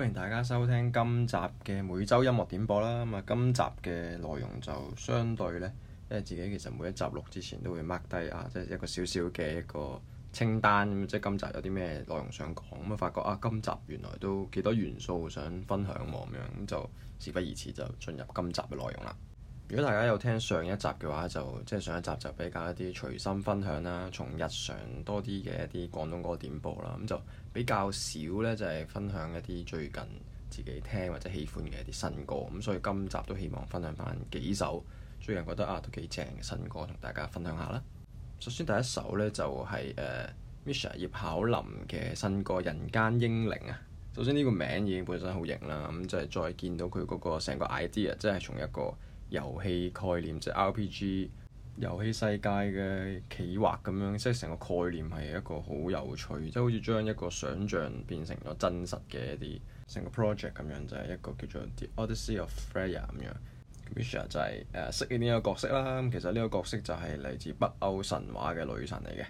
歡迎大家收聽今集嘅每周音樂點播啦。咁啊，今集嘅內容，就相對咧，因為自己其實每一集錄之前都會 mark 低啊，即係一個少少嘅一個清單咁，即係今集有啲咩內容想講。咁啊，發覺啊，今集原來都幾多元素想分享喎，咁樣，咁就事不宜遲，就進入今集嘅內容啦。如果大家有聽上一集嘅話，就即係、就是、上一集就比較一啲隨心分享啦，從日常多啲嘅一啲廣東歌點播啦。咁就比較少呢，就係、是、分享一啲最近自己聽或者喜歡嘅一啲新歌咁。所以今集都希望分享返幾首最近覺得啊都幾正嘅新歌，同大家分享下啦。首先第一首呢，就係、是、誒、uh, Misha 葉巧林葉巧琳嘅新歌《人間英靈》啊。首先呢個名已經本身好型啦，咁就係再見到佢嗰個成個 idea，即係從一個。遊戲概念即係 RPG 遊戲世界嘅企劃咁樣，即係成個概念係一個好有趣，即係好似將一個想像變成咗真實嘅一啲成個 project 咁樣，就係、是、一個叫做 The Odyssey of Freya i 咁樣。Misha 就係誒識呢個角色啦，咁其實呢個角色就係嚟自北歐神話嘅女神嚟嘅。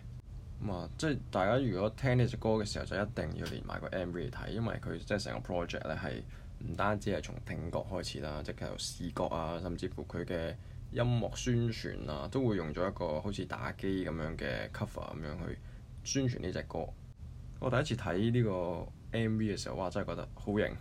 咁啊，即係大家如果聽呢隻歌嘅時候，就一定要連埋個 MV 睇，因為佢即係成個 project 咧係。唔單止係從聽覺開始啦，即係由視覺啊，甚至乎佢嘅音樂宣傳啊，都會用咗一個好似打機咁樣嘅 cover 咁樣去宣傳呢隻歌。我第一次睇呢個 MV 嘅時候，哇！真係覺得好型。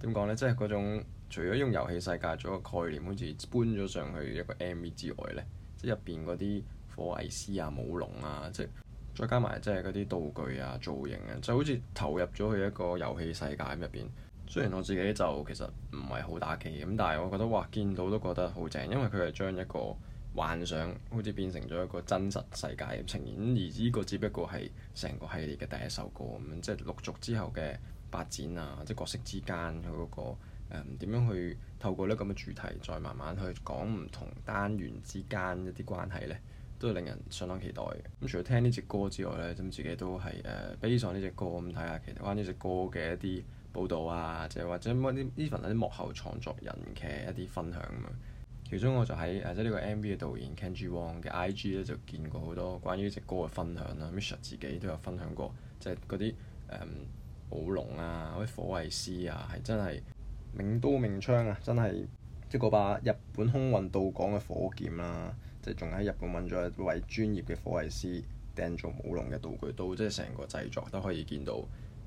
點講呢？即係嗰種除咗用遊戲世界做個概念，好似搬咗上去一個 MV 之外呢，即係入邊嗰啲火藝師啊、舞龍啊，即再加埋即係嗰啲道具啊、造型啊，就好似投入咗去一個遊戲世界入邊。雖然我自己就其實唔係好打機咁，但係我覺得嘩，見到都覺得好正，因為佢係將一個幻想好似變成咗一個真實世界咁呈現而。而、這、呢個只不過係成個系列嘅第一首歌咁，即係陸續之後嘅發展啊，即係角色之間佢嗰、那個誒點、嗯、樣去透過呢咁嘅主題，再慢慢去講唔同單元之間一啲關係呢，都係令人相當期待嘅。咁、嗯、除咗聽呢隻歌之外呢，咁、嗯、自己都係誒悲賞呢隻歌咁睇下，看看其實關於呢隻歌嘅一啲。報導啊，就或者乜啲 e v e 啲幕後創作人嘅一啲分享啊。其中我就喺誒即呢個 M V 嘅導演 Kenji Wong 嘅 I G 咧，就見過好多關於隻歌嘅分享啦。 Misha 自己都有分享過，即係嗰啲誒舞龍啊，嗰啲火藝師啊，係真係名刀名槍啊，真係即係嗰把日本空運到港嘅火劍啦、啊。即係仲喺日本揾咗一位專業嘅火藝師訂做舞龍嘅道具刀，即係成個製作都可以見到。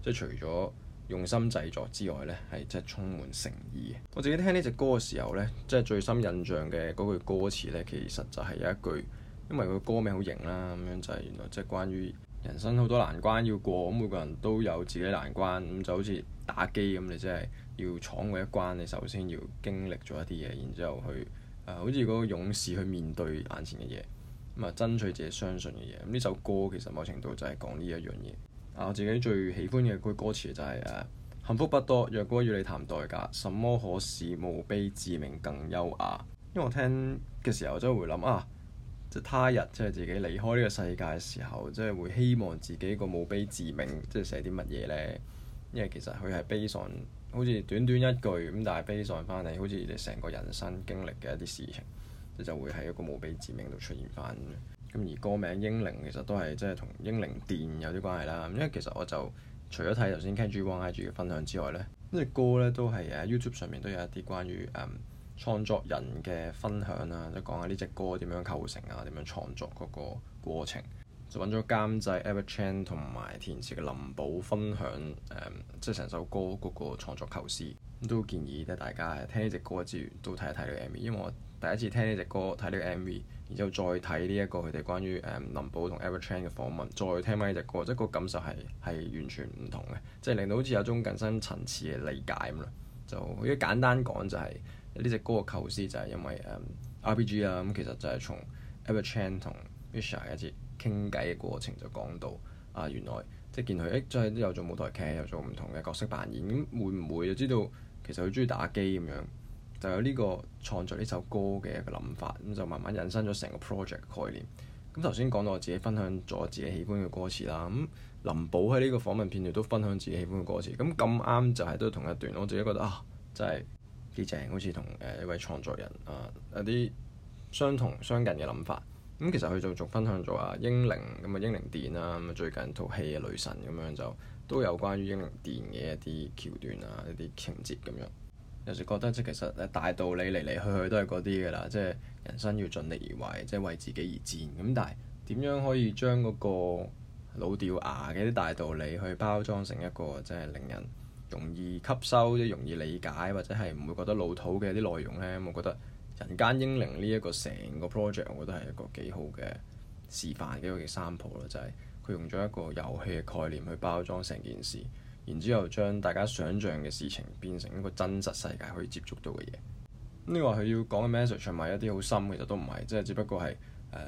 即係除咗用心製作之外呢，係即係充滿誠意。我自己聽呢隻歌嘅時候呢，即係最深印象嘅嗰句歌詞呢，其實就係有一句，因為佢個歌名好型啦，咁、嗯、樣就係、是、原來即係關於人生好多難關要過，咁、嗯、每個人都有自己難關，咁、嗯、就好似打機咁，你即係要闖過一關，你首先要經歷咗一啲嘢，然之後去、呃、好似嗰個勇士去面對眼前嘅嘢，咁、嗯、啊爭取自己相信嘅嘢。咁、嗯、呢首歌其實某程度就係講呢一樣嘢。啊！我自己最喜歡嘅句歌詞就係、是、誒，幸福不多，若果與你談代價，什麼可使墓碑致命更優雅？因為我聽嘅時候真係會諗啊，即係他日即係、就是、自己離開呢個世界嘅時候，即、就、係、是、會希望自己個墓碑致命即係、就是、寫啲乜嘢呢？因為其實佢係悲傷，好似短短一句咁，但係悲傷翻嚟，好似你成個人生經歷嘅一啲事情，你就，就會喺一個墓碑致命度出現翻。咁而歌名《英靈》其實都係即係同《英靈殿》有啲關係啦。因為其實我就除咗睇頭先 KG One IG 嘅分享之外咧，呢隻歌呢都係喺 YouTube 上面都有一啲關於誒、嗯、創作人嘅分享啊，即係講下呢隻歌點樣構成啊，點樣創作嗰個過程。就揾咗監製 Ever Chan 同埋填詞嘅林寶分享即係成首歌嗰個創作構思、嗯。都建議咧，大家聽呢隻歌之餘都睇一睇呢個 MV 因為我。第一次聽呢隻歌，睇呢個 MV，然之後再睇呢一個佢哋關於誒、um, 林寶同 Evertrain 嘅訪問，再聽返呢隻歌，即係個感受係係完全唔同嘅，即係令到好似有種更深層次嘅理解咁啦。就好似簡單講就係呢隻歌嘅構思就係因為、um, RPG 啊。咁其實就係從 Evertrain 同 Misha 一次傾偈嘅過程就講到啊，原來即係見佢誒真係都有做舞台劇，有做唔同嘅角色扮演。咁會唔會就知道其實佢中意打機咁樣？就有呢個創作呢首歌嘅一個諗法，咁就慢慢引申咗成個 project 概念。咁頭先講到我自己分享咗自己喜歡嘅歌詞啦，咁林寶喺呢個訪問片段都分享自己喜歡嘅歌詞。咁咁啱就係都同一段，我自己覺得啊，真係幾正，好似同誒一位創作人啊有啲相同相近嘅諗法。咁其實佢就續分享咗啊，英靈咁啊，英靈電啊，咁最近套戲嘅女神咁樣就都有關於英靈電嘅一啲橋段啊，一啲情節咁樣。有時覺得即其實大道理嚟嚟去去都係嗰啲㗎啦，即係人生要盡力而為，即係為自己而戰。咁但係點樣可以將嗰個老掉牙嘅啲大道理去包裝成一個即係令人容易吸收、即係容易理解或者係唔會覺得老土嘅啲內容呢？我覺得《人間英靈》呢一個成個 project，我覺得係一個幾好嘅示範，幾好嘅 sample 咯，就係佢用咗一個遊戲嘅概念去包裝成件事。然之後將大家想像嘅事情變成一個真實世界可以接觸到嘅嘢，咁、這、呢個佢要講嘅 message，同埋一啲好深其實都唔係，即係只不過係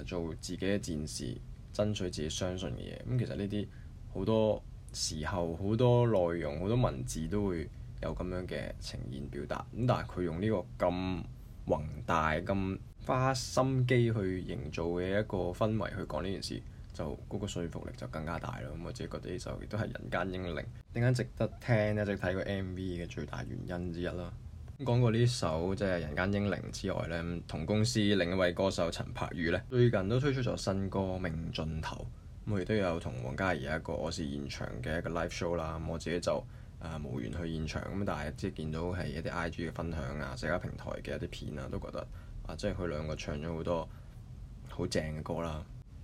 誒做自己嘅戰士，爭取自己相信嘅嘢。咁其實呢啲好多時候好多內容好多文字都會有咁樣嘅呈現表達，咁但係佢用呢個咁宏大咁花心機去營造嘅一個氛圍去講呢件事。就嗰個說服力就更加大咯，咁我自己覺得呢首亦都係《人間英靈》點解值得聽咧？就睇個 M V 嘅最大原因之一啦。咁講過呢首即係《人間英靈》之外呢，同公司另一位歌手陳柏宇呢，最近都推出咗新歌《命盡頭》，咁、嗯、亦都有同王嘉怡一個我是現場嘅一個 live show 啦。咁、嗯、我自己就啊、呃、無緣去現場，咁但係即係見到係一啲 I G 嘅分享啊，社交平台嘅一啲片啊，都覺得啊，即係佢兩個唱咗好多好正嘅歌啦。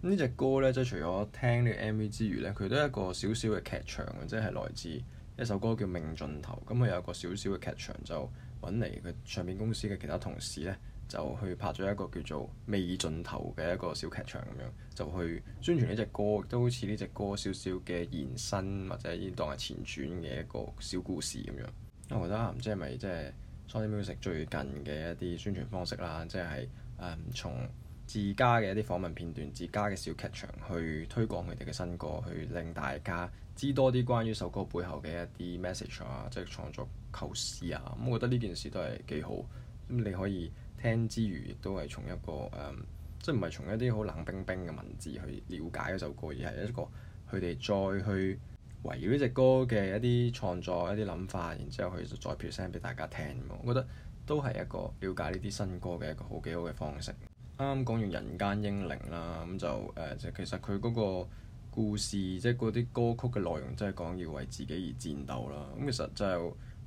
呢隻歌咧，即係除咗聽個呢個 MV 之餘咧，佢都係一個小小嘅劇場，即係來自一首歌叫《命盡頭》。咁、嗯、佢有個小小嘅劇場就，就揾嚟佢唱片公司嘅其他同事咧，就去拍咗一個叫做《未盡頭》嘅一個小劇場咁樣，就去宣傳呢隻歌，都好似呢隻歌少少嘅延伸，或者當係前傳嘅一個小故事咁樣。嗯、我覺得唔知係咪即係 Sony Music 最近嘅一啲宣傳方式啦，即係誒從。嗯自家嘅一啲訪問片段，自家嘅小劇場去推廣佢哋嘅新歌，去令大家知多啲關於首歌背後嘅一啲 message 啊，即係創作構思啊。咁、嗯、我覺得呢件事都係幾好。咁、嗯、你可以聽之餘，亦都係從一個誒、嗯，即係唔係從一啲好冷冰冰嘅文字去了解一首歌，而係一個佢哋再去圍繞呢隻歌嘅一啲創作、一啲諗法，然之後佢就再 present 俾大家聽。我覺得都係一個了解呢啲新歌嘅一個好幾好嘅方式。啱啱講完人間《人間英靈》啦、呃，咁就誒，即其實佢嗰個故事，即係嗰啲歌曲嘅內容，真係講要為自己而戰鬥啦。咁、嗯、其實就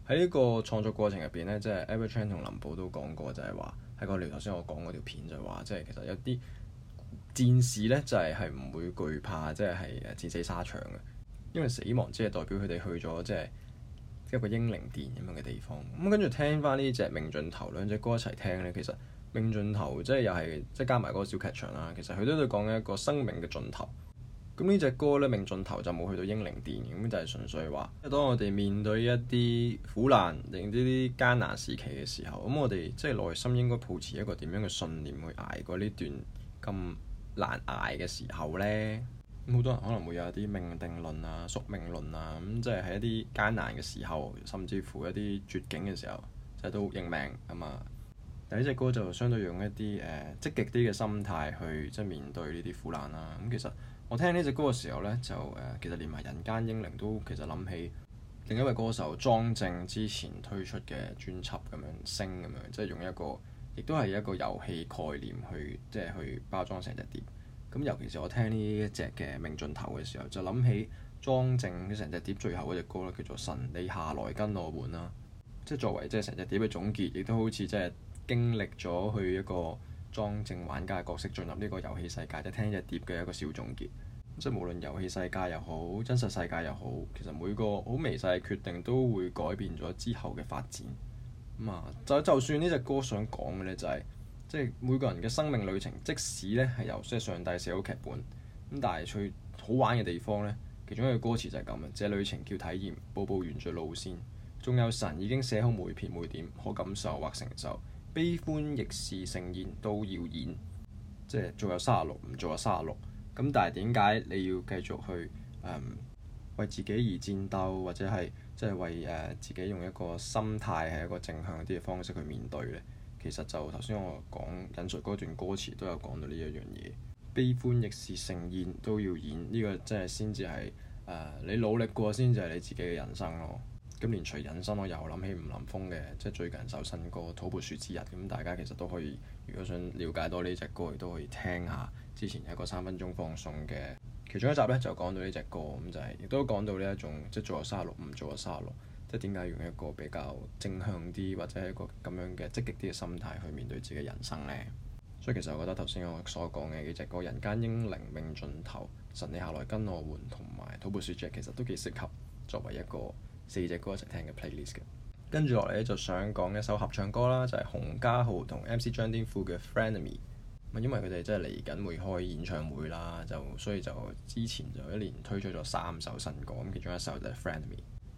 喺呢個創作過程入邊咧，即係 Ever Chan 同林寶都講過，就係話喺個條頭先我講嗰條片就係話，即、就、係、是、其實有啲戰士咧，就係係唔會懼怕，即係係戰死沙場嘅，因為死亡即係代表佢哋去咗即係一個英靈殿咁樣嘅地方。咁跟住聽翻呢隻《命盡頭》兩隻歌一齊聽咧，其實。命盡頭，即係又係即係加埋嗰個小劇場啦。其實佢都都講緊一個生命嘅盡頭。咁呢隻歌咧，命盡頭，就冇去到英靈殿，咁就係純粹話，當我哋面對一啲苦難定呢啲艱難時期嘅時候，咁我哋即係內心應該抱持一個點樣嘅信念去挨過呢段咁難捱嘅時候呢？咁好多人可能會有一啲命定論啊、宿命論啊，咁即係喺一啲艱難嘅時候，甚至乎一啲絕境嘅時候，即係都認命咁啊。第一隻歌就相對用一啲誒、呃、積極啲嘅心態去即係面對呢啲苦難啦。咁其實我聽呢隻歌嘅時候呢，就誒、呃、其實連埋《人間英靈》都其實諗起另一位歌手莊正之前推出嘅專輯咁樣《星》咁樣，即係用一個亦都係一個遊戲概念去即係去包裝成隻碟。咁、嗯、尤其是我聽呢一隻嘅《命盡頭》嘅時候，就諗起莊正成隻碟最後嗰隻歌咧，叫做《神你下來跟我玩》啦，即係作為即係成隻碟嘅總結，亦都好似即係。經歷咗去一個莊正玩家嘅角色進入呢個遊戲世界，就是、聽呢隻碟嘅一個小總結。即係無論遊戲世界又好，真實世界又好，其實每個好微細嘅決定都會改變咗之後嘅發展。咁、嗯、啊，就就算呢隻歌想講嘅呢，就係即係每個人嘅生命旅程，即使呢係由即係上帝寫好劇本咁，但係最好玩嘅地方呢，其中一個歌詞就係咁啊，這旅程叫體驗，步步沿著路線，仲有神已經寫好每撇每點，可感受或成就。悲歡亦是盛宴都要演，即係做有卅六唔做有卅六，咁但係點解你要繼續去誒、嗯、為自己而戰鬥，或者係即係為誒、啊、自己用一個心態係一個正向啲嘅方式去面對呢？其實就頭先我講引述嗰段歌詞都有講到呢一樣嘢，悲歡亦是盛宴都要演呢、這個即係先至係誒你努力過先至係你自己嘅人生咯。今年除人生，我又諗起吳林峰嘅，即係最近首新歌《土撥鼠之日》咁，大家其實都可以，如果想了解多呢隻歌，亦都可以聽下之前有一個三分鐘放送嘅其中一集呢就講到呢隻歌咁就係、是、亦都講到呢一種即係做咗三十六唔做咗三十六，即係點解用一個比較正向啲或者係一個咁樣嘅積極啲嘅心態去面對自己人生呢。所以其實我覺得頭先我所講嘅幾隻歌，《人間英靈命盡頭》、《神你下來跟我換》同埋《土撥鼠之日》，其實都幾適合作為一個，四隻歌一齊聽嘅 playlist 嘅，跟住落嚟咧就想講一首合唱歌啦，就係、是、洪嘉豪同 MC 張天賦嘅《Frenemy》。因為佢哋真係嚟緊會開演唱會啦，就所以就之前就一連推出咗三首新歌，咁其中一首就係《Frenemy》。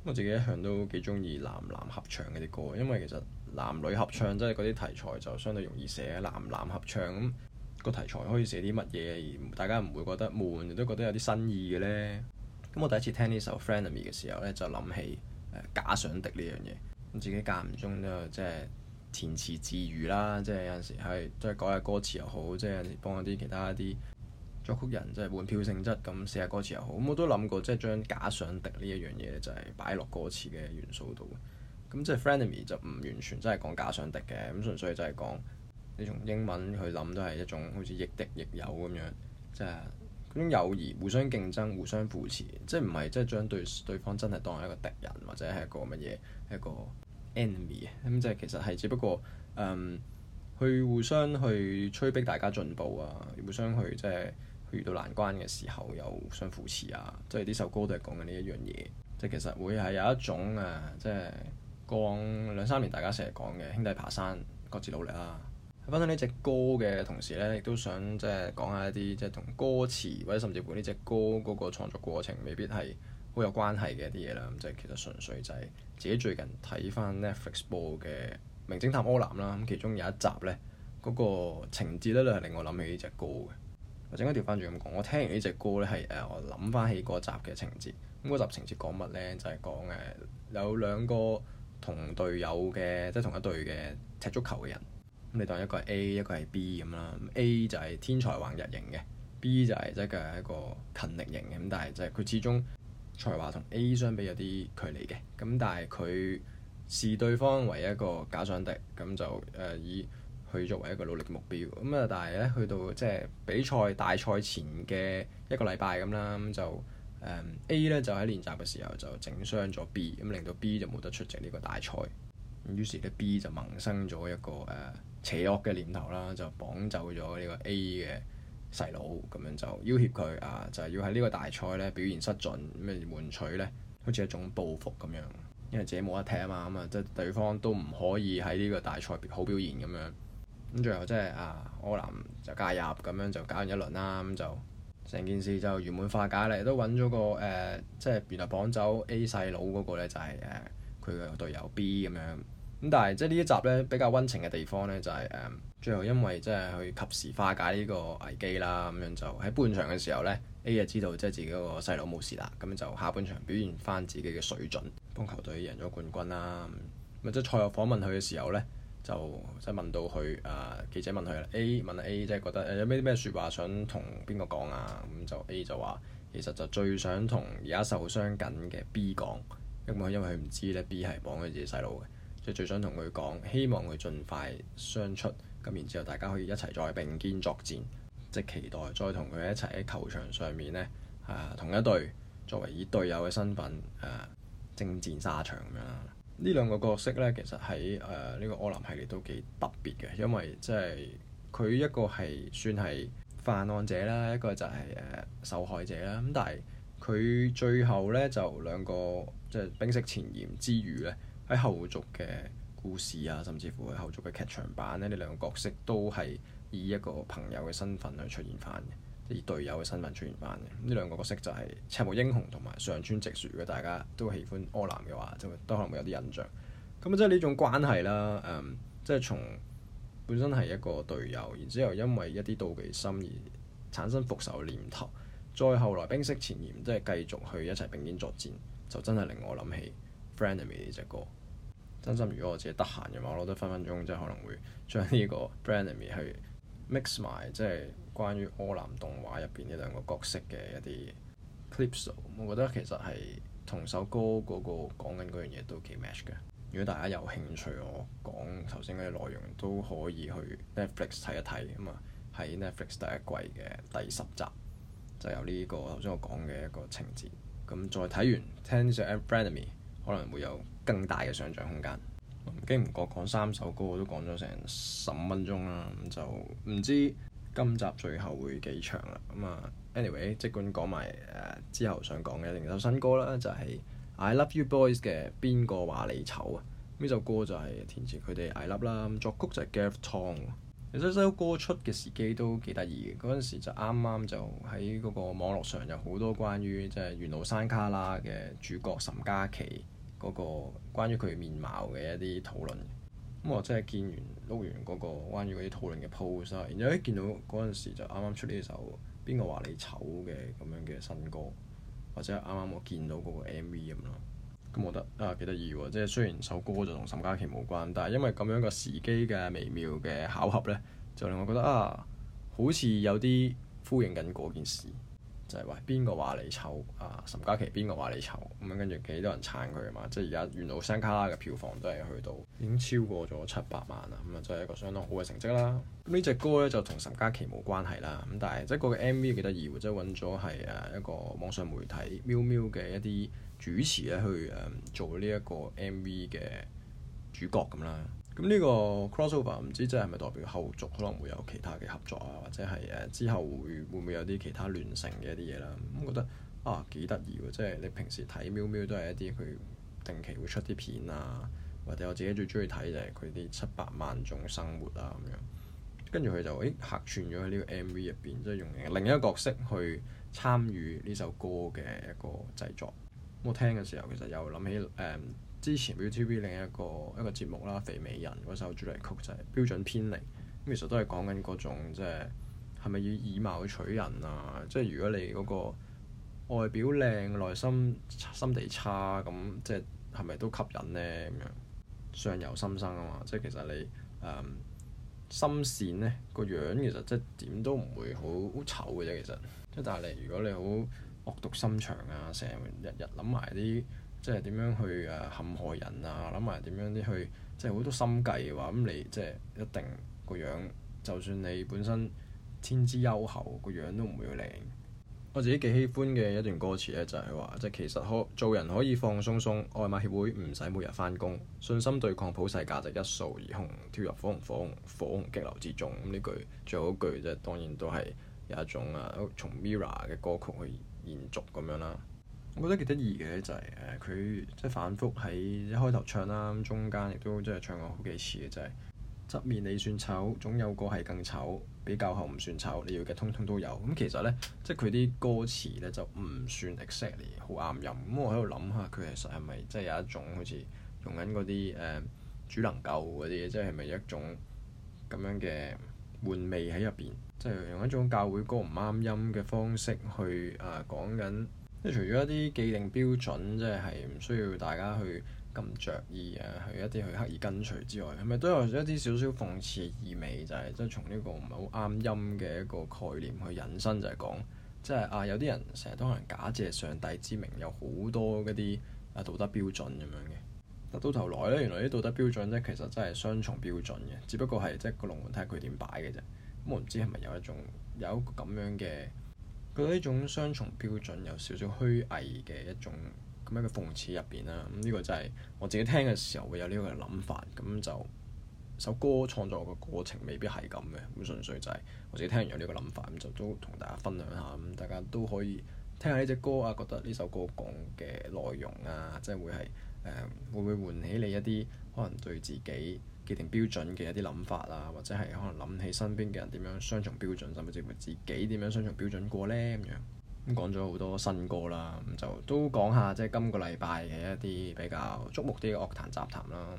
我自己一向都幾中意男男合唱嘅啲歌，因為其實男女合唱、嗯、即係嗰啲題材就相對容易寫，男男合唱咁、那個題材可以寫啲乜嘢，而大家唔會覺得悶，都覺得有啲新意嘅呢。咁我第一次聽呢首《Frenemy》嘅時候呢，就諗起誒、呃、假想敵呢樣嘢。咁自己間唔中咧，即係填詞自娛啦，即係有陣時係即係改下歌詞又好，即係幫一啲其他一啲作曲人即係換票性質咁寫下歌詞又好。咁我都諗過即係將假想敵呢一樣嘢就係擺落歌詞嘅元素度。咁即係《Frenemy》就唔完全真係講假想敵嘅，咁純粹就係講你從英文去諗都係一種好似亦敵亦友咁樣，即係。嗰種友誼，互相競爭、互相扶持，即係唔係即係將對對方真係當係一個敵人，或者係一個乜嘢一個 enemy？咁即係其實係只不過誒、嗯，去互相去催逼大家進步啊，互相去即係去遇到難關嘅時候又互相扶持啊，即係呢首歌都係講緊呢一樣嘢，即係其實會係有一種誒，即係過兩三年大家成日講嘅兄弟爬山，各自努力啊！分享呢隻歌嘅同時咧，亦都想即係講一下一啲即係同歌詞或者甚至乎呢隻歌嗰個創作過程，未必係好有關係嘅一啲嘢啦。咁、嗯、即係其實純粹就係自己最近睇翻 Netflix 播嘅《名偵探柯南》啦。咁其中有一集咧，嗰、那個情節咧都係令我諗起呢隻歌嘅。我陣間調翻住咁講，我聽完呢隻歌咧係誒，我諗翻起嗰集嘅情節。咁嗰集情節講乜咧？就係、是、講誒、呃、有兩個同隊友嘅即係同一隊嘅踢足球嘅人。咁你當一個係 A，一個係 B 咁啦。A 就係天才橫溢型嘅，B 就係即係一個勤力型嘅。咁但係就係佢始終才華同 A 相比有啲距離嘅。咁但係佢視對方為一個假想敵，咁就誒以佢作為一個努力嘅目標。咁啊，但係咧去到即係比賽大賽前嘅一個禮拜咁啦，咁就誒、um, A 咧就喺練習嘅時候就整傷咗 B，咁令到 B 就冇得出席呢個大賽。於是咧 B 就萌生咗一個誒。Uh, 邪惡嘅念頭啦，就綁走咗呢個 A 嘅細佬，咁樣就要挾佢啊，就係、是、要喺呢個大賽咧表現失準，咁咪換取咧，好似一種報復咁樣，因為自己冇得踢啊嘛，咁啊即係對方都唔可以喺呢個大賽好表現咁樣，咁最後即係啊柯南就介入，咁樣就搞完一輪啦、啊，咁、嗯、就成件事就圓滿化解咧，都揾咗個誒，即、呃、係、就是、原來綁走 A 細佬嗰個咧就係誒佢嘅隊友 B 咁樣。咁但係，即係呢一集咧比較溫情嘅地方咧，就係誒最後，因為即係去及時化解呢個危機啦。咁樣就喺半場嘅時候咧，A 就知道即係自己嗰個細佬冇事啦。咁樣就下半場表現翻自己嘅水準，幫球隊贏咗冠軍啦。咪即係賽後訪問佢嘅時候咧，就即係問到佢誒、啊、記者問佢啦。A 問下 A 即係覺得誒有咩啲咩說話想同邊個講啊？咁就 A 就話其實就最想同而家受傷緊嘅 B 講，因為因為佢唔知咧 B 係綁佢自己細佬嘅。最想同佢講，希望佢盡快相出，咁然之後大家可以一齊再並肩作戰，即係期待再同佢一齊喺球場上面呢，啊同一隊作為以隊友嘅身份誒，征、啊、戰沙場咁樣啦。呢兩個角色呢，其實喺誒呢個柯南系列都幾特別嘅，因為即係佢一個係算係犯案者啦，一個就係、是、誒、呃、受害者啦。咁但係佢最後呢，就兩個即係、就是、冰釋前嫌之餘呢。喺後續嘅故事啊，甚至乎喺後續嘅劇場版咧，呢兩個角色都係以一個朋友嘅身份去出現翻嘅，即係隊友嘅身份出現翻嘅。呢兩個角色就係、是、赤木英雄同埋上川直樹嘅，如果大家都喜歡柯南嘅話，都都可能會有啲印象。咁即係呢種關係啦，即係從本身係一個隊友，然之後因為一啲妒忌心而產生復仇嘅念頭，再後來冰釋前嫌，即係繼續去一齊並肩作戰，就真係令我諗起。《Frenemy》呢隻歌，真心如果我自己得閒嘅話，我覺得分分鐘即係可能會將呢個、《Frenemy》去 mix 埋，即係關於柯南動畫入邊呢兩個角色嘅一啲 clips。我覺得其實係同首歌嗰、嗰個講緊嗰樣嘢都幾 match 嘅。如果大家有興趣，我講頭先嗰啲內容都可以去 Netflix 睇一睇咁啊。喺、嗯、Netflix 第一季嘅第十集就有呢個頭先我講嘅一個情節。咁再睇完聽上《Frenemy》。可能會有更大嘅上漲空間。唔經唔覺講三首歌，我都講咗成十五分鐘啦，咁、嗯、就唔知今集最後會幾長啦。咁、嗯、啊，anyway，即管講埋誒之後想講嘅另一首新歌啦，就係、是《I Love You Boys》嘅邊個話你醜啊。呢首歌就係填詞佢哋 I Love 啦，作曲就係 Gareth Tong。其實首歌出嘅時機都幾得意嘅，嗰陣時就啱啱就喺嗰個網絡上有好多關於即係《緣路山旮旯》嘅主角岑珈其。嗰個關於佢面貌嘅一啲討論，咁我真係見完碌完嗰個關於嗰啲討論嘅 post 啊，然後一見到嗰陣時就啱啱出呢首邊個話你醜嘅咁樣嘅新歌，或者啱啱我見到嗰個 MV 咁咯，咁我覺得啊幾得意喎！即係雖然首歌就同岑珈其冇關，但係因為咁樣個時機嘅微妙嘅巧合咧，就令我覺得啊，好似有啲呼應緊嗰件事。就係話邊個話你醜啊？岑珈其邊個話你醜，咁樣，跟住幾多人撐佢啊嘛？即係而家緣路山旮旯嘅票房都係去到已經超過咗七百萬啦，咁啊真係一個相當好嘅成績啦。呢隻歌咧就同岑珈其冇關係啦。咁、嗯、但係即係個 M V 幾得意，即係揾咗係誒一個網上媒體 Mill MILK 嘅一啲主持咧去誒、嗯、做呢一個 M V 嘅主角咁啦。咁呢個 crossover 唔知即係係咪代表後續可能會有其他嘅合作啊，或者係誒之後會會唔會有啲其他聯乘嘅一啲嘢啦？我覺得啊幾得意喎！即係你平時睇喵喵都係一啲佢定期會出啲片啊，或者我自己最中意睇就係佢啲七百萬種生活啊咁樣。跟住佢就誒客串咗喺呢個 MV 入邊，即係用另一個角色去參與呢首歌嘅一個製作。我聽嘅時候其實又諗起誒。嗯之前 ViuTV 另一個一個節目啦，《肥美人》嗰首主題曲就係、是、標準偏離咁，其實都係講緊嗰種即係係咪以貌取人啊？即、就、係、是、如果你嗰個外表靚，內心心地差咁，即係係咪都吸引呢？咁樣相由心生啊嘛，即、就、係、是、其實你誒、嗯、心善呢個樣其實即係點都唔會好醜嘅啫。其實即係但係你如果你好惡毒心腸啊，成日日日諗埋啲。即係點樣去誒陷害人啊？諗埋點樣啲去，即係好多心計嘅話，咁你即係一定個樣，就算你本身天資優厚，個樣都唔會要靚。我自己幾喜歡嘅一段歌詞咧，就係話，即係其實可做人可以放鬆鬆，外賣協會唔使每日翻工，信心對抗普世價值一掃而空，跳入火紅火紅火紅激流之中。咁呢句最後一句即係，當然都係有一種啊，從 Mira 嘅歌曲去延續咁樣啦。我覺得幾得意嘅就係、是、誒，佢、呃、即係反覆喺一開頭唱啦，中間亦都即係唱過好幾次嘅，就係、是、側面你算醜，總有個係更醜。比較後唔算醜，你要嘅通通都有。咁、嗯、其實呢，即係佢啲歌詞呢就唔算 exactly 好啱音。咁、嗯、我喺度諗下，佢其實係咪即係有一種好似用緊嗰啲誒主能救嗰啲，即係係咪一種咁樣嘅玩味喺入邊，即、就、係、是、用一種教會歌唔啱音嘅方式去啊、呃、講緊。即除咗一啲既定標準，即係係唔需要大家去咁着意啊，去一啲去刻意跟隨之外，係咪都有一啲少少諷刺意味？就係即係從呢個唔係好啱音嘅一個概念去引申就，就係講即係啊，有啲人成日都可能假借上帝之名有好多嗰啲啊道德標準咁樣嘅，但到頭來呢，原來啲道德標準呢，其實真係雙重標準嘅，只不過係即係個龍門睇下佢點擺嘅啫。咁我唔知係咪有一種有一個咁樣嘅。佢呢種雙重標準有少少虛偽嘅一種咁樣嘅諷刺入邊啦。咁呢個就係我自己聽嘅時候會有呢個諗法。咁就首歌創作嘅過程未必係咁嘅，咁純粹就係我自己聽完有呢個諗法咁就都同大家分享下咁，大家都可以聽下呢隻歌啊，覺得呢首歌講嘅內容啊，即係會係誒、嗯、會唔會喚起你一啲可能對自己。既定標準嘅一啲諗法啊，或者係可能諗起身邊嘅人點樣雙重標準，甚至乎自己點樣雙重標準過呢？咁樣。咁講咗好多新歌啦，咁就都講下即係今個禮拜嘅一啲比較觸目啲嘅樂壇雜談啦。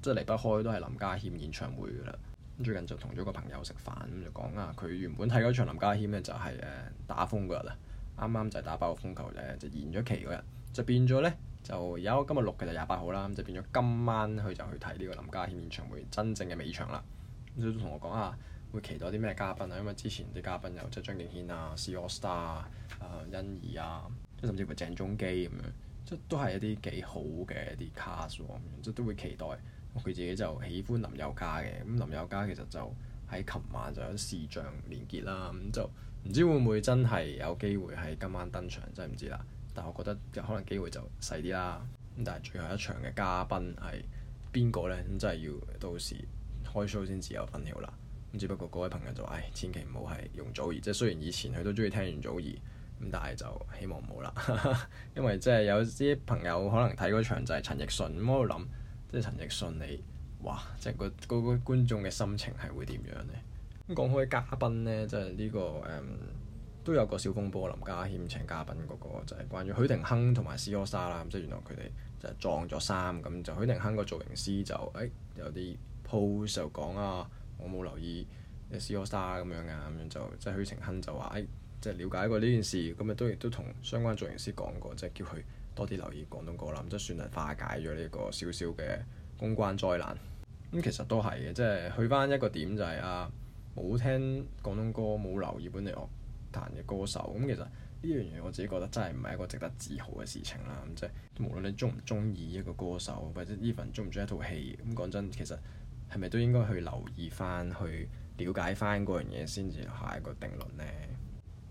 即係離不開都係林家謙演唱會㗎啦。咁最近就同咗個朋友食飯，咁就講啊，佢原本睇嗰場林家謙嘅就係誒打風嗰日啊，啱啱就係打爆個風球誒，就延咗期嗰日，就變咗呢。就而家今日錄嘅就廿八號啦，咁就變咗今晚佢就去睇呢個林家謙演唱會真正嘅尾場啦。咁佢同我講下會期待啲咩嘉賓啊？因為之前啲嘉賓有即係張敬軒啊、C All Star 啊，啊、欣宜啊，即甚至乎鄭中基咁樣，即、就是、都係一啲幾好嘅一啲 cast，啊。即、就是、都會期待。佢自己就喜歡林宥嘉嘅，咁林宥嘉其實就喺琴晚就有視像連結啦。咁就唔知會唔會真係有機會喺今晚登場，真係唔知啦。但係我覺得可能機會就細啲啦。咁但係最後一場嘅嘉賓係邊個呢？咁、嗯、真係要到時開 show 先至有分曉啦。咁只不過嗰位朋友就話：唉，千祈唔好係容祖兒。即係雖然以前佢都中意聽容祖兒，咁但係就希望唔好啦。 因為即係有啲朋友可能睇嗰場就係陳奕迅，咁我諗即係陳奕迅你，哇！即係個嗰個,個觀眾嘅心情係會點樣呢？咁講開嘉賓呢，即係呢個誒。Um, 都有個小風波，林家謙請嘉賓嗰、那個就係、是、關於許廷鏗同埋 Coco 沙啦，即係原來佢哋就撞咗衫，咁就許廷鏗個造型師就誒、哎、有啲 post 就講啊，我冇留意 Coco 沙咁樣啊，咁樣就即係、就是、許廷鏗就話誒即係瞭解過呢件事，咁咪都亦都同相關造型師講過，即、就、係、是、叫佢多啲留意廣東歌啦，咁即係算係化解咗呢個少少嘅公關災難。咁其實都係嘅，即、就、係、是、去翻一個點就係、是、啊冇聽廣東歌冇留意本地樂。彈嘅歌手，咁其實呢樣嘢我自己覺得真係唔係一個值得自豪嘅事情啦，咁即係無論你中唔中意一個歌手，或者 Even 中唔中意一套戲，咁講真其實係咪都應該去留意翻去了解翻嗰樣嘢先至下一個定論呢？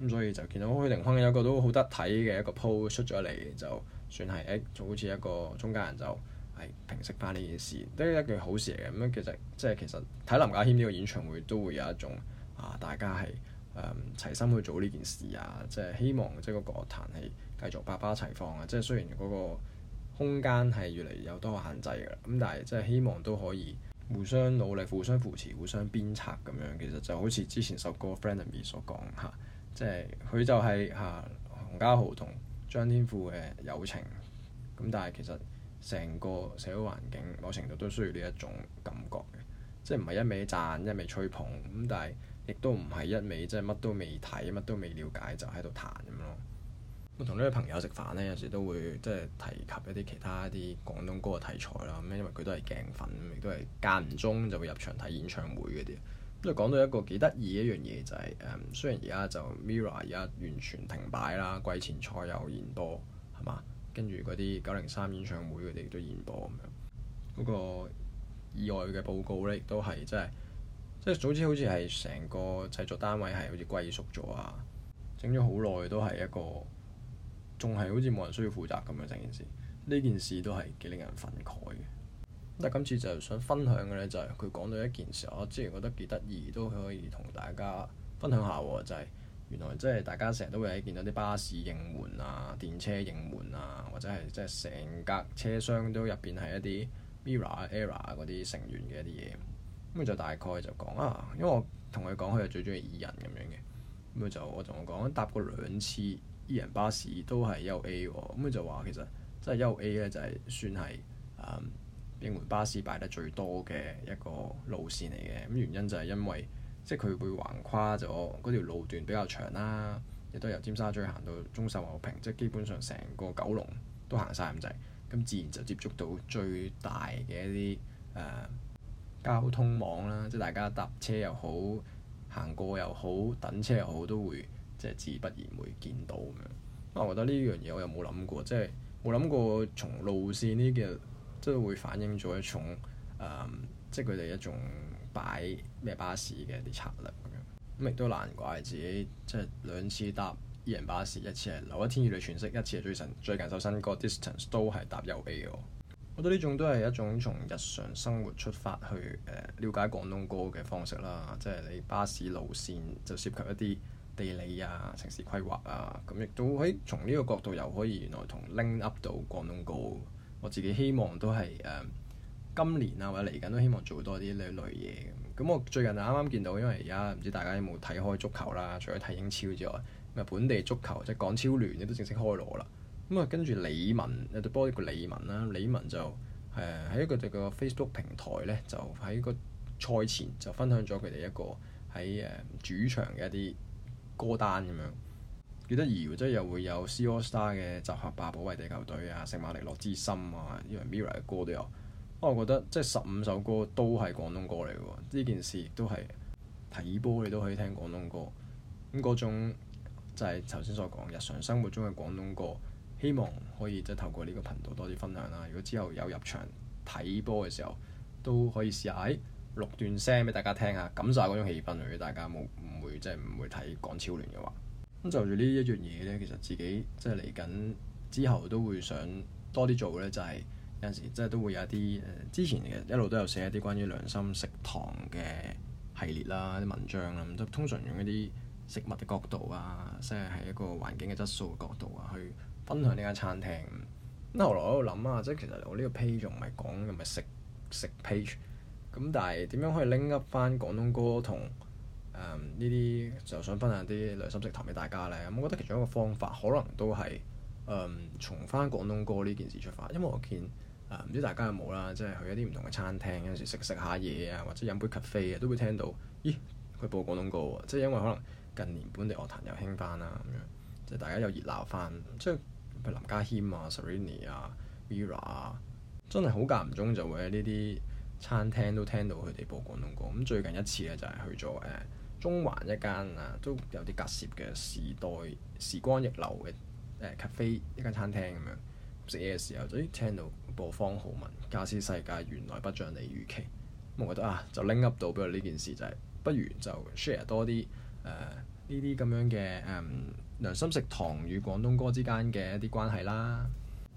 咁所以就見到許廷鏗有一個都好得體嘅一個鋪出咗嚟，就算係就好似一個中間人，就係平息翻呢件事，都係、就是、一句好事嚟嘅。咁其實即係其實睇林家謙呢個演唱會都會有一種啊大家係。誒、嗯、齊心去做呢件事啊！即係希望，即係個樂壇係繼續百花齊放啊！即係雖然嗰個空間係越嚟越多限制㗎，咁但係即係希望都可以互相努力、互相扶持、互相鞭策咁樣。其實就好似之前首歌《Frenemy》所講嚇，即係佢就係、是、嚇、啊、洪嘉豪同張天賦嘅友情。咁但係其實成個社會環境某程度都需要呢一種感覺嘅，即係唔係一味讚、一味吹捧咁，但係。亦都唔係一味即係乜都未睇，乜都未了解就喺度彈咁咯。咁同呢個朋友食飯呢，有時都會即係提及一啲其他啲廣東歌嘅題材啦。咁因為佢都係鏡粉，亦都係間唔中就會入場睇演唱會嗰啲。咁就講到一個幾得意嘅一樣嘢就係、係、誒，雖然而家就 Mirror 而家完全停擺啦，季前賽又延播係嘛，跟住嗰啲九零三演唱會佢哋都延播咁樣。嗰、嗰個意外嘅報告呢，亦都係即係。即係早知好似係成個製作單位係好似歸屬咗啊！整咗好耐都係一個，仲係好似冇人需要負責咁樣整件事。呢件事都係幾令人憤慨嘅。但今次就想分享嘅呢、就是，就係佢講到一件事，我之前覺得幾得意，都可以同大家分享下。就係、是、原來即係大家成日都會喺見到啲巴士應援啊、電車應援啊，或者係即係成架車廂都入邊係一啲 Mirror、Era 嗰啲成員嘅一啲嘢。咁就大概就講啊，因為我同佢講，佢係最中意應援咁樣嘅。咁佢就我同我講搭過兩次應援、e、巴士都係 1A 喎。咁就話其實即係 1A 咧，就係、是、算係啊應援巴士擺得最多嘅一個路線嚟嘅。咁原因就係因為即係佢會橫跨咗嗰條路段比較長啦，亦都由尖沙咀行到中秀茂坪，即係基本上成個九龍都行晒咁滯。咁自然就接觸到最大嘅一啲誒，呃交通網啦，即係大家搭車又好，行過又好，等車又好，都會即係自不然會見到咁樣。咁、啊、我覺得呢樣嘢我又冇諗過，即係冇諗過從路線呢啲嘅，即係會反映咗一種、嗯、即係佢哋一種擺咩巴士嘅啲策略咁樣。咁亦都難怪自己即係兩次搭二人巴士，一次係《留一天與你傳息》，一次係最近最近首新歌《Distance》都係搭 U A 喎。我覺得呢種都係一種從日常生活出發去誒、呃、了解廣東歌嘅方式啦，即係你巴士路線就涉及一啲地理啊、城市規劃啊，咁亦都可以從呢個角度又可以原來同 link up 到廣東歌。我自己希望都係誒、呃、今年啊或者嚟緊都希望做多啲呢類嘢。咁我最近啱啱見到，因為而家唔知大家有冇睇開足球啦，除咗睇英超之外，咁啊本地足球即係、就是、港超聯亦都正式開鑼啦。咁啊，跟住李文有隊波一個李文啦。李文就誒喺佢哋個 Facebook 平台咧，就喺個賽前就分享咗佢哋一個喺誒主場嘅一啲歌單咁樣幾得意喎，即係又會有《C AllStar》嘅集合吧，保衞地球隊啊，《聖馬力諾之心》啊，依樣 Mirror 嘅歌都有。我覺得即係十五首歌都係廣東歌嚟喎。呢件事亦都係睇波你都可以聽廣東歌咁嗰種就係頭先所講日常生活中嘅廣東歌。希望可以即係透過呢個頻道多啲分享啦。如果之後有入場睇波嘅時候，都可以試下喺錄段聲俾大家聽下，感受下嗰種氣氛。如果大家冇唔會即係唔會睇港超聯嘅話，咁就住呢一樣嘢咧，其實自己即係嚟緊之後都會想多啲做咧，就係有陣時即係都會有一啲誒之前一路都有寫一啲關於良心食堂嘅系列啦啲文章啦，咁就通常用一啲食物嘅角度啊，即係喺一個環境嘅質素嘅角度啊，去。分享呢間餐廳咁，咁後來我喺度諗啊，即係其實我呢個 page 仲唔係講又唔係食食 page 咁，但係點樣可以拎翻翻廣東歌同誒呢啲就想分享啲良心食堂俾大家咧。咁我覺得其中一個方法可能都係誒從翻廣東歌呢件事出發，因為我見誒唔、呃、知大家有冇啦，即係去一啲唔同嘅餐廳有時食食下嘢啊，或者飲杯 cafe 啊，都會聽到咦佢播廣東歌啊，即係因為可能近年本地樂壇又興翻啦，咁樣即係大家又熱鬧翻，即係。林家謙啊、Serrini 啊、Vera 啊，真係好間唔中就會喺呢啲餐廳都聽到佢哋播廣東歌。咁、嗯、最近一次咧就係、是、去咗誒、呃、中環一間啊都有啲隔攝嘅時代時光逆流嘅誒、呃、cafe，一間餐廳咁樣食嘢嘅時候，就聽到播方浩文《家私世界原來不像你預期》，咁、嗯、我覺得啊就拎 up 到，不如呢件事就係、是、不如就 share 多啲誒呢啲咁樣嘅誒。嗯良心食堂與廣東歌之間嘅一啲關係啦，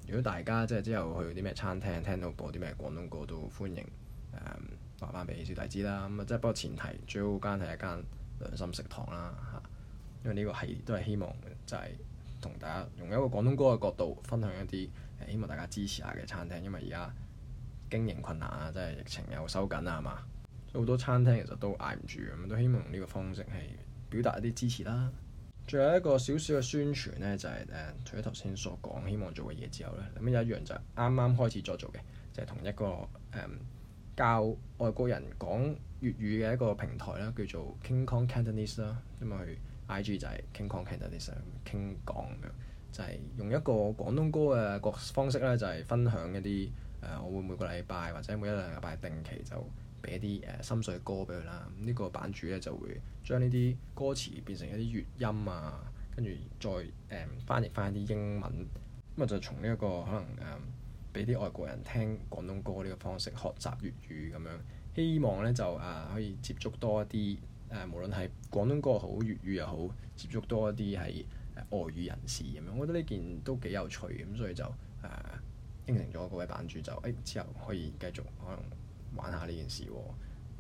如果大家即係之後去啲咩餐廳聽到播啲咩廣東歌，都歡迎誒話翻俾小弟知啦。咁、嗯、啊，即係不過前提最好間係一間良心食堂啦嚇，因為呢個係都係希望就係同大家用一個廣東歌嘅角度分享一啲希望大家支持下嘅餐廳，因為而家經營困難啊，即係疫情又收緊啊嘛，所以好多餐廳其實都捱唔住咁、嗯，都希望用呢個方式係表達一啲支持啦。仲有一個少少嘅宣傳呢，就係、是、誒、嗯，除咗頭先所講希望做嘅嘢之後呢，咁有一樣就係啱啱開始在做嘅，就係、是、同一個誒、嗯、教外國人講粵語嘅一個平台啦，叫做 King Kong Cantonese 啦、嗯，因為 I G 就係 King Kong Cantonese，傾講嘅、嗯，就係、是、用一個廣東歌嘅各方式呢，就係、是、分享一啲誒、呃，我會每個禮拜或者每一兩禮拜定期就俾一啲誒心水嘅歌俾佢啦，咁、這、呢個版主咧就會將呢啲歌詞變成一啲粵音啊，跟住再誒、嗯、翻譯返一啲英文，咁啊就從呢、這、一個可能誒俾啲外國人聽廣東歌呢個方式學習粵語咁樣，希望咧就誒、啊、可以接觸多一啲誒、啊、無論係廣東歌好粵語又好，接觸多一啲係、啊、外語人士咁樣，我覺得呢件都幾有趣咁，所以就誒、啊、應承咗嗰位版主就誒、哎、之後可以繼續可能。玩下呢件事喎，咁、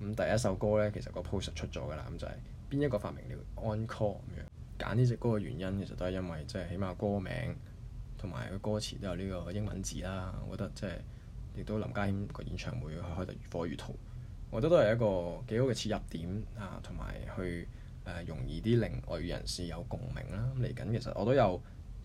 嗯、第一首歌呢，其實個 post 出咗㗎啦，咁就係邊一個發明了《Encore》咁樣揀呢隻歌嘅原因，其實都係因為即係、就是、起碼歌名同埋個歌詞都有呢個英文字啦、啊。我覺得即係亦都林家謙個演唱會係開得如火如荼，我覺得都係一個幾好嘅切入點啊，同埋去、呃、容易啲令外語人士有共鳴啦。嚟、啊、緊其實我都有。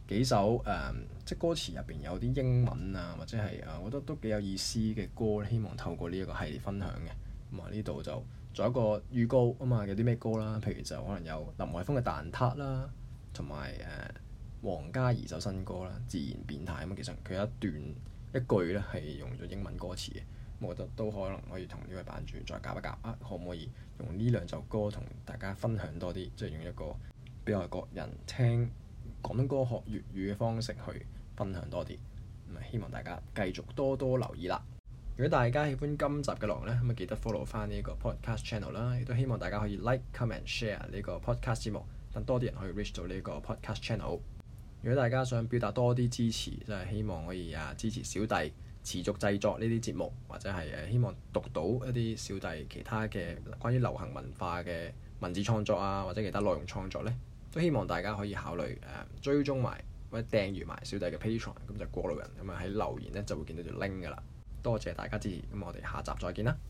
幾首誒、嗯，即係歌詞入邊有啲英文啊，或者係啊，我覺得都幾有意思嘅歌，希望透過呢一個系列分享嘅。咁啊，呢度就做一個預告啊嘛，有啲咩歌啦，譬如就可能有林海峰嘅蛋撻啦，同埋誒黃嘉怡首新歌啦，《自然變態》咁、啊、其實佢有一段一句咧係用咗英文歌詞嘅、啊，我覺得都可能可以同呢位版主再攪一攪夾一夾啊，可唔可以用呢兩首歌同大家分享多啲，即係用一個俾外國人聽廣東歌學粵語嘅方式去分享多啲，咁啊希望大家繼續多多留意啦。如果大家喜歡今集嘅內容咧，咁啊記得 follow 翻呢個 podcast channel 啦。亦都希望大家可以 like、comment、share 呢個 podcast 節目，等多啲人可以 reach 到呢個 podcast channel。如果大家想表達多啲支持，即係希望可以啊支持小弟持續製作呢啲節目，或者係誒希望讀到一啲小弟其他嘅關於流行文化嘅文字創作啊，或者其他內容創作咧。都希望大家可以考慮誒追蹤埋或者訂閱埋小弟嘅 Patreon 咁就過路人咁啊喺留言咧就會見到條 link 噶啦。多謝大家支持，咁我哋下集再見啦。